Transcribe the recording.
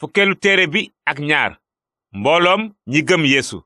fukkeelu téere bi ak ñaar mbooloom ñi gëm yeesu